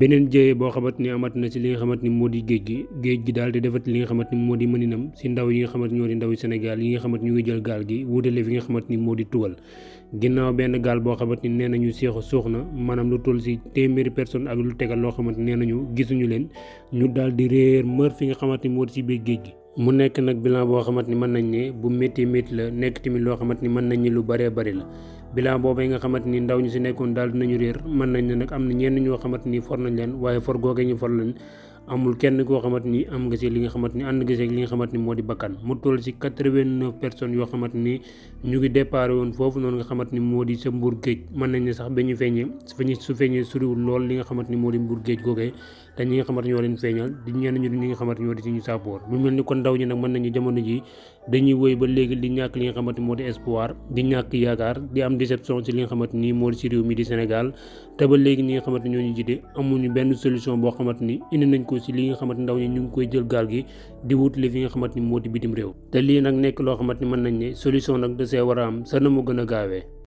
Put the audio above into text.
beneen jéyee boo xamante ni amat na ci li nga xamante ni moo di géej gi géej gi daal di defat li nga xamante ni moo di nam ci ndaw yi nga xamante ñoo di ndaw Sénégal yi nga xamante ñu ngi jël gaal gi wutale fi nga xamante ni moo di tugal ginnaaw benn gaal boo xamante ni nee nañu seexu suux na maanaam lu toll si téeméeri personne ak lu tegal loo xamante nee nañu gisuñu leen ñu daal di réer mër fi nga xamante ni moo di si biir géej gi. mu nekk nag bilan boo xamante ni mën nañ ne bu métti métti la nekk tamit loo xamante ni mën nañ ne lu bëree bëri la bilan boobu nga xamante ni ndaw ñu si nekkoon daal dinañu réer mën nañ ne nag am na ñenn ñoo xamante ni for nañ leen waaye for googee ñu for leen amul kenn koo xamante ni am nga li nga xamante ni ànd nga si li nga xamante ni moo di bakkan mu toll si quatre-vingt-neuf personnes yoo xamante ni ñu ngi déparé woon foofu noonu nga xamante ni moo di sa Mbour géej mën nañ ne sax ba ñu feeñee su feeñee suriwul lool li nga xamante ni moo di Mbour géej googee te ñi nga xamante ñoo di ñu di ñi nga xamante ñoo di si ñu saapoor mu mel ni kon ndaw ñi nag mën nañu jamono ji dañuy woy ba léegi di ñàkk li nga xamante moo di espoir di ñàkk yaakaar di am déception ci li nga xamante ni moo di ci réew mi di Sénégal te ba léegi ñi nga xamante ñoo ñu jiite amuñu benn solution boo xamante ni indi nañ ko ci li nga xamante ndaw ñi ñu ngi koy jël gaal gi di wutali fi nga xamante ni moo di bitim réew te lii nag nekk loo xamante ni mën nañ ne solution nag da see war a am sa na mu gën a gaawee